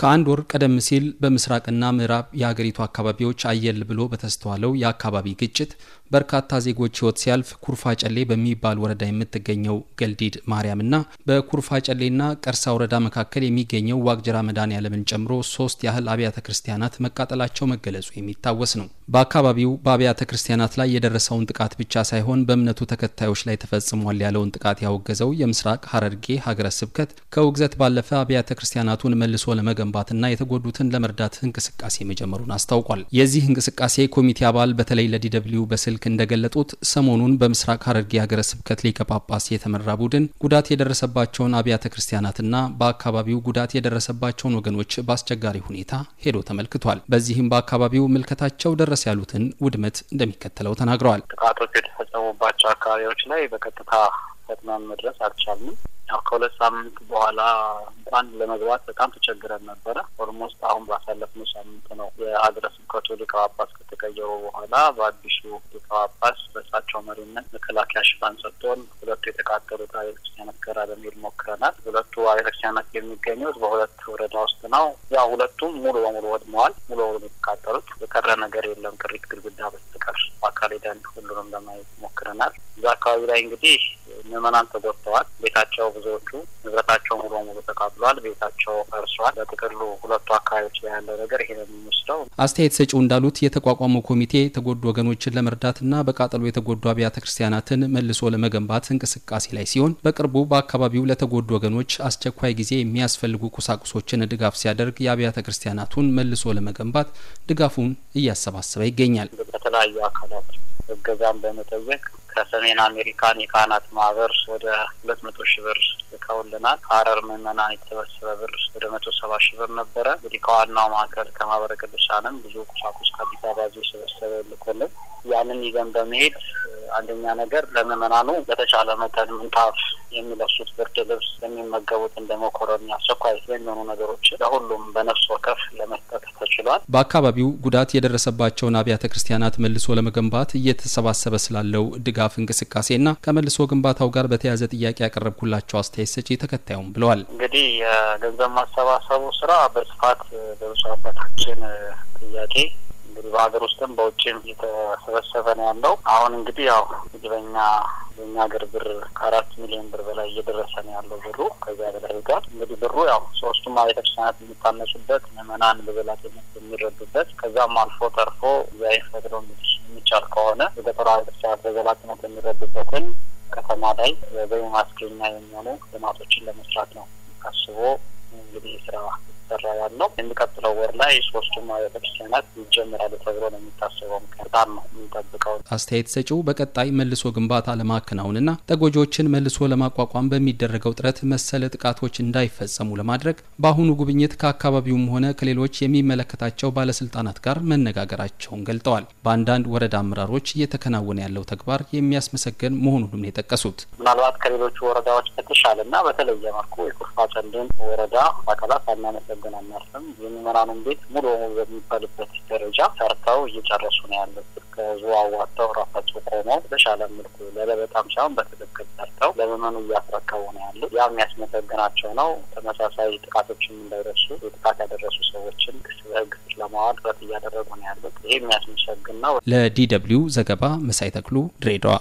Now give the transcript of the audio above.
ከአንድ ወር ቀደም ሲል በምስራቅና ምዕራብ የሀገሪቱ አካባቢዎች አየል ብሎ በተስተዋለው የአካባቢ ግጭት በርካታ ዜጎች ሕይወት ሲያልፍ ኩርፋ ጨሌ በሚባል ወረዳ የምትገኘው ገልዲድ ማርያምና በኩርፋ ጨሌና ቀርሳ ወረዳ መካከል የሚገኘው ዋቅጅራ መድኃኔ ዓለምን ጨምሮ ሶስት ያህል አብያተ ክርስቲያናት መቃጠላቸው መገለጹ የሚታወስ ነው። በአካባቢው በአብያተ ክርስቲያናት ላይ የደረሰውን ጥቃት ብቻ ሳይሆን በእምነቱ ተከታዮች ላይ ተፈጽሟል ያለውን ጥቃት ያወገዘው የምስራቅ ሐረርጌ ሀገረ ስብከት ከውግዘት ባለፈ አብያተ ክርስቲያናቱን መልሶ ለመገ ለመገንባትና የተጎዱትን ለመርዳት እንቅስቃሴ መጀመሩን አስታውቋል። የዚህ እንቅስቃሴ ኮሚቴ አባል በተለይ ለዲደብሊው በስልክ እንደገለጡት ሰሞኑን በምስራቅ ሐረርጌ ሀገረ ስብከት ሊቀ ጳጳስ የተመራ ቡድን ጉዳት የደረሰባቸውን አብያተ ክርስቲያናትና በአካባቢው ጉዳት የደረሰባቸውን ወገኖች በአስቸጋሪ ሁኔታ ሄዶ ተመልክቷል። በዚህም በአካባቢው ምልከታቸው ደረስ ያሉትን ውድመት እንደሚከተለው ተናግረዋል። ጥቃቶች የተፈጸሙባቸው አካባቢዎች ላይ በቀጥታ ፈጥናን መድረስ አልቻልንም። ያው ከሁለት ሳምንት በኋላ እንኳን ለመግባት በጣም ተቸግረን ነበረ። ኦልሞስት አሁን ባሳለፍነው ሳምንት ነው የሀገረ ስብከቱ ሊቀ ጳጳስ ከተቀየሩ በኋላ በአዲሱ ሊቀ ጳጳስ በእሳቸው መሪነት መከላከያ ሽፋን ሰጥቶን ሁለቱ የተቃጠሉት አብያተ ክርስቲያናት ጋር ለመሄድ ሞክረናል። ሁለቱ አብያተ ክርስቲያናት የሚገኙት በሁለት ወረዳ ውስጥ ነው። ያው ሁለቱም ሙሉ በሙሉ ወድመዋል። ሙሉ በሙሉ የተቃጠሉት የቀረ ነገር የለም። ቅሪት ግድግዳ በስተቀር በአካል ሄደን ሁሉንም ለማየት ሞክረናል። እዛ አካባቢ ላይ እንግዲህ ምዕመናን ተጎድተዋል። ቤታቸው ብዙዎቹ ንብረታቸው ሙሉ በሙሉ ተቃጥሏል። ቤታቸው ፈርሷል። በጥቅሉ ሁለቱ አካባቢዎች ላይ ያለው ነገር ይሄ የሚወስደው አስተያየት ሰጪው እንዳሉት የተቋቋመው ኮሚቴ የተጎዱ ወገኖችን ለመርዳትና በቃጠሎ የተጎዱ አብያተ ክርስቲያናትን መልሶ ለመገንባት እንቅስቃሴ ላይ ሲሆን በቅርቡ በአካባቢው ለተጎዱ ወገኖች አስቸኳይ ጊዜ የሚያስፈልጉ ቁሳቁሶችን ድጋፍ ሲያደርግ የአብያተ ክርስቲያናቱን መልሶ ለመገንባት ድጋፉን እያሰባሰበ ይገኛል። በተለያዩ አካላት እገዛም በመጠየቅ ከሰሜን አሜሪካን የካህናት ማህበር ወደ ሁለት መቶ ሺህ ብር ልከውልናል። ከሀረር ምዕመናን የተሰበሰበ ብር ወደ መቶ ሰባ ሺህ ብር ነበረ። እንግዲህ ከዋናው ማዕከል ከማህበረ ቅዱሳንም ብዙ ቁሳቁስ ከአዲስ አበባ የሰበሰበ ልኮልን ያንን ይዘን በመሄድ አንደኛ ነገር ለምዕመናኑ በተቻለ መጠን ምንጣፍ የሚለብሱት ብርድ ልብስ፣ የሚመገቡት እንደ መኮረኒ፣ አስቸኳይ የሚሆኑ ነገሮች ለሁሉም በነፍስ ወከፍ ለመስጠት ተችሏል። በአካባቢው ጉዳት የደረሰባቸውን አብያተ ክርስቲያናት መልሶ ለመገንባት እየተሰባሰበ ስላለው ድጋፍ እንቅስቃሴና ከመልሶ ግንባታው ጋር በተያያዘ ጥያቄ ያቀረብኩላቸው አስተያየት ሰጪ ተከታዩም ብለዋል። እንግዲህ የገንዘብ ማሰባሰቡ ስራ በስፋት በብፁዕ አባታችን ጥያቄ እንግዲህ በሀገር ውስጥም በውጭም እየተሰበሰበ ነው ያለው። አሁን እንግዲህ ያው በኛ በኛ ሀገር ብር ከአራት ሚሊዮን ብር በላይ እየደረሰ ነው ያለው ብሩ። ከዚያ በላይ ጋር እንግዲህ ብሩ ያው ሶስቱም ቤተክርስቲያናት የሚታነሱበት ምዕመናን በበላትነት የሚረዱበት ከዛም አልፎ ተርፎ እዚያ ይፈጥረው የሚቻል ከሆነ የገጠራ ቤተክርስቲያናት በበላትነት የሚረዱበትን ከተማ ላይ በማስገኛ የሚሆኑ ልማቶችን ለመስራት ነው ታስቦ እንግዲህ ስራ እየተሰራ ያለው የሚቀጥለው ወር ላይ ሶስቱም አብያተ ይጀምራሉ ተብሎ ነው የሚታሰበው። በጣም ነው የምንጠብቀው። አስተያየት ሰጪው በቀጣይ መልሶ ግንባታ ለማከናወንና ተጎጂዎችን መልሶ ለማቋቋም በሚደረገው ጥረት መሰለ ጥቃቶች እንዳይፈጸሙ ለማድረግ በአሁኑ ጉብኝት ከአካባቢውም ሆነ ከሌሎች የሚመለከታቸው ባለስልጣናት ጋር መነጋገራቸውን ገልጠዋል። በአንዳንድ ወረዳ አመራሮች እየተከናወነ ያለው ተግባር የሚያስመሰገን መሆኑንም የጠቀሱት ምናልባት ከሌሎቹ ወረዳዎች በተሻለና በተለየ መልኩ የኩርፋ ጨንድን ወረዳ አካላት አናነሰ ግን አናርፍም። የመምህራኑን ቤት ሙሉ በሙሉ በሚባልበት ደረጃ ሰርተው እየጨረሱ ነው ያሉት። ከህዝቡ አዋጥተው ራሳቸው ቆመው በተሻለ መልኩ ለለበጣም ሳይሆን በትክክል ሰርተው ለመመኑ እያስረከቡ ነው ያሉ። ያ የሚያስመሰግናቸው ነው። ተመሳሳይ ጥቃቶችን እንዳይደርሱ ጥቃት ያደረሱ ሰዎችን ክስ በህግ ፊት ለማዋል ጥረት እያደረጉ ነው ያሉት። ይህ የሚያስመሰግን ነው። ለዲ ደብልዩ ዘገባ መሳይ ተክሉ ድሬዳዋ